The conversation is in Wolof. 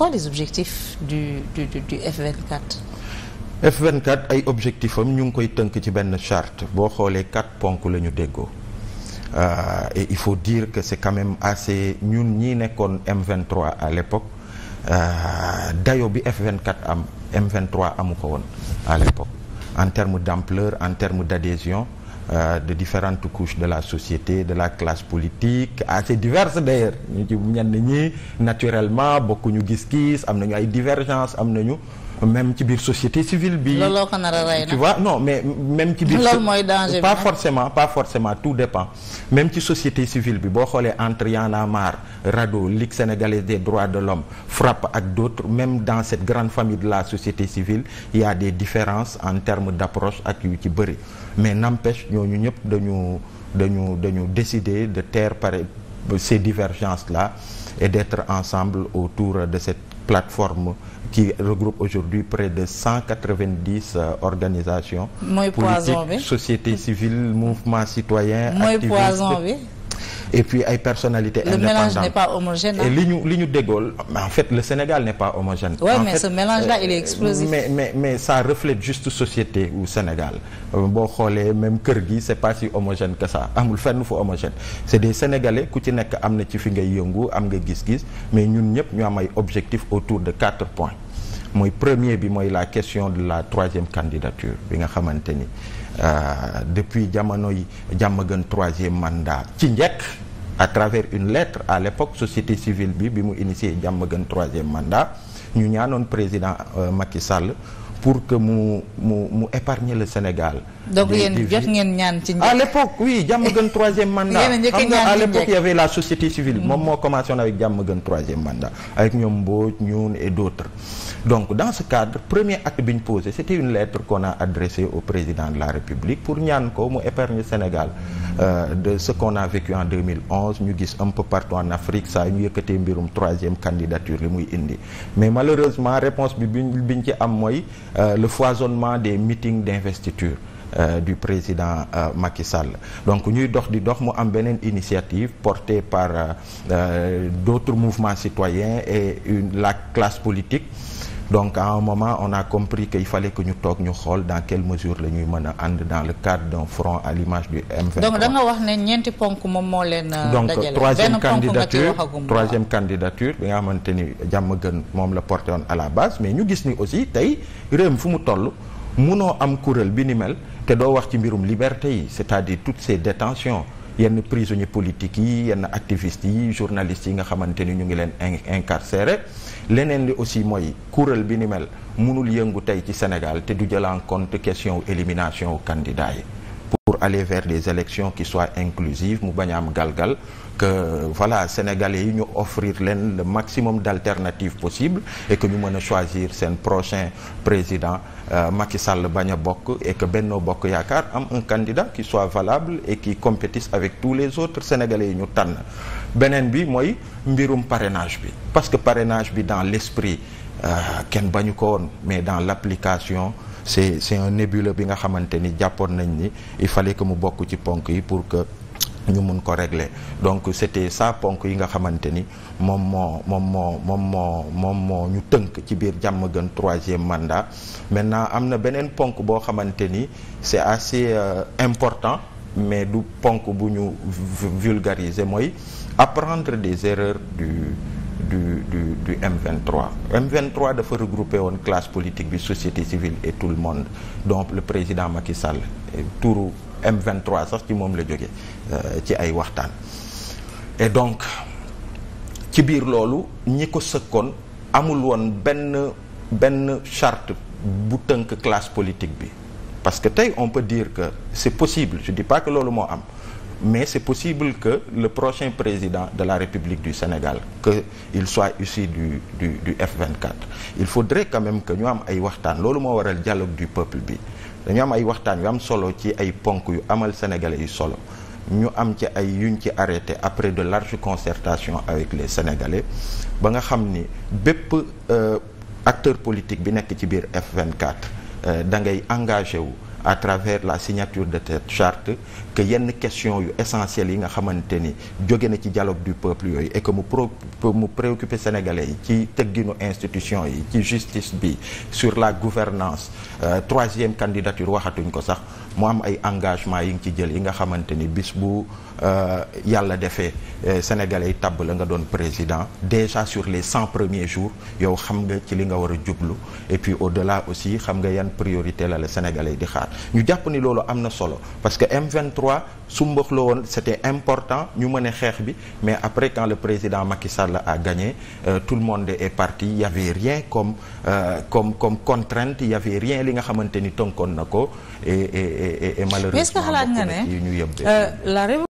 quoi les objectifs du du f f ay objectifs am ñu ngi koy tënk ci benn charte boo xoolee quatre ponk la ñu déggoo euh, et il faut dire que c'est quand même assez ñun ñi nekkoon M23 à l'époque euh, dayo bi F24 am M23 amu ko woon à l'époque en termes d'ampleur en termes d'adhésion euh, de différentes couches de la société de la classe politique assez diverses d'ailleurs ñu ci ñenn ñi naturellement bokkuñu gis-gis am nañu ay divergences am nañu même ci biir société civile bi. looloo ko nar a rey mais même ci biir. loolu mooy danger pas forcément pas forcément tout dépend même ci société civile bi boo xoolee entre Y'en a marre RADDHO Ligue sénégalaise des droits de l'homme FRAPP ak d'autres même dans cette grande famille de la société civile il des différences en termes d'approche ak yu ci bëri mais n'empêche ñooñu ñëpp dañu dañu dañu décider de taire par ces divergences là et d'être ensemble autour de cette plateforme qui regroupe aujourd'hui près de cent quatre-vingt-dix euh, organisations. mooy poison bi politiques société civile et puis ay personnalités indépendantes. le mélange n'est li ñu li ñu déggool en fait le Sénégal n'est pas homogène. Ouais, mais ce mélange là il est euh, explosif. mais mais mais ça reflète juste société au Sénégal euh, boo xoolee même kër gi c'est pas si homogène que ça amul fenn fu homogène c'est des Sénégalais ku ci nekk am na ci fi ngay yëngu am nga gis-gis mais ñun ñëpp ñu am ay objectifs autour de quatre points mooy premier bi mooy la question de la troisième candidature bi nga xamante ni. Euh, depuis jamono yi jàmm gën troisième mandat ci njëkk à travers une lettre à l'époque société civile bi bi mu initié jàmm gën troisième mandat ñu ñaanoon président euh, Macky Sall pour que mu mu mu épargner le Sénégal. donc yéen jot ngeen ñaan ci. à l'époque oui jàmm gën troisième mandat. xam nga à l'époque il y la société civile. Mm. moom moo commencé woon avec jàmm gën troisième mandat. avec ñoom Mbodj ñun et d'autres donc dans ce cadre premier acte bi ñu posé c'était une lettre qu'on a adressée au président de la République pour ñaan ko mu épargner Sénégal. Euh, de ce qu'on a vécu en ñu gis un peu partout en Afrique saa ñu yëkkatee mbirum li muy indi mais malheureusement réponse bi biñ biñ ci am mooy. Euh, le foisonnement des meetings d'investiture Euh, du président euh, donc ñuy dox di dox mu am beneen initiative porté par euh, euh, d'autres mouvements citoyens et la classe politique donc à un moment on a compris que fale fallait ñu toog ñu xool dans quelle mesure la ñuy mën a ànd dans le cadre d'un front à l'image du m donc da wax ne ñeenti ponk moom moo leen euh, donc troisième candidature troisième candidature bi nga xamante ni jàmm gën moom la porté woon à la base mais ñu gis ni aussi tey réew mi fu mu toll munoo am kuréel bi ni mel te doo wax ci mbirum liberté yi c'est-à-dire toutes ces détentions yenn prisonniers politique yi yenn activistes yi journalistes yi nga xamante ni ñu ngi leen incarcéré leneen li aussi mooy kuréel bi ni mel mënul yëngu tey ci Sénégal te du jël en compte question élimination candidats yi pour aller vers des élections qui soient inclusives mu bañ am galgal que voilà sénégalais yi ñu offrir leen le maximum d'alternatives possibles et que ñu mën a choisir seen prochain président euh, Macky Sall bañ a bokk et que Benno Bokk Yaakaar am un candidat qui soit valable et qui compétisse avec tous les autres sénégalais yi ñu tànn beneen bi mooy mbirum parrainage bi parce que parrainage bi dans l'esprit Euh, kenn bañu ko woon mais dans l'application c'est c'est un nébuleux bi nga xamante ni jàppoon nañ ni il fallait que mu bokk ci ponk yi pour que ñu mun ko régler donc c'était ça ponk yi nga xamante ni moom moo moom moo moom moo moom moo ñu tënk ci biir jàmm gën troisième mandat maintenant am na beneen ponk boo xamante ni c'est assez euh, important mais du ponk bu ñu vulgariser mooy apprendre des erreurs du du du du M23. M23 dafa regrouper woon classe politique bi société civile et tout le monde donc le président Macky Sall turu M23 sax ci moom la jóge euh, ci ay waxtaan. et donc ci biir loolu ñi ko sëkkoon amul woon benn benn chart bu tënk classe politique bi parce que tey on peut dire que c'est possible je dis pas que loolu moo am. mais c'est possible que le prochain président de la République du Sénégal que il soit issu du du du F24 il faudrait quand même que ñu am ay waxtaan loolu moo waral dialogue du peuple bi dañu am ay waxtaan yu am solo ci ay ponk yu amal sénégalais yu solo ñu am ci ay yuñ ci arrêté après de large concertation avec les sénégalais ba nga xam ni bépp euh, acteur politique bi nekk ci biir F24 euh, da ngay engagé wu à travers la signature de cette chart que yenn question yu essentielles yi nga xamante ni jóge na ci dialogue du peuple yooyu et que mu pro mu préoccuper sénégalais yi ci tëgginu institution yi ci justice bi sur la gouvernance euh, troisième candidature waxatuñ ko sax mu am ay engagement yi nga ci jël yi nga xamante ni bis bu euh, yàlla defee euh, sénégalais yi tàbb la nga doon président déjà sur les cent premiers jours yow xam nga ci li nga war a jublu et puis au-delà aussi xam nga yan priorité la la sénégalais di xaar ñu jàpp ni loolu am na solo parce que M23 su mbax la woon c'était important ñu mën a xeex bi mais après quand le président Macky Sall a gagné euh, tout le monde est parti il y avait rien comme euh, comme comme contrainte rien li nga xamante ni tënkoon na ko et et et et xalaat nga ne euh, la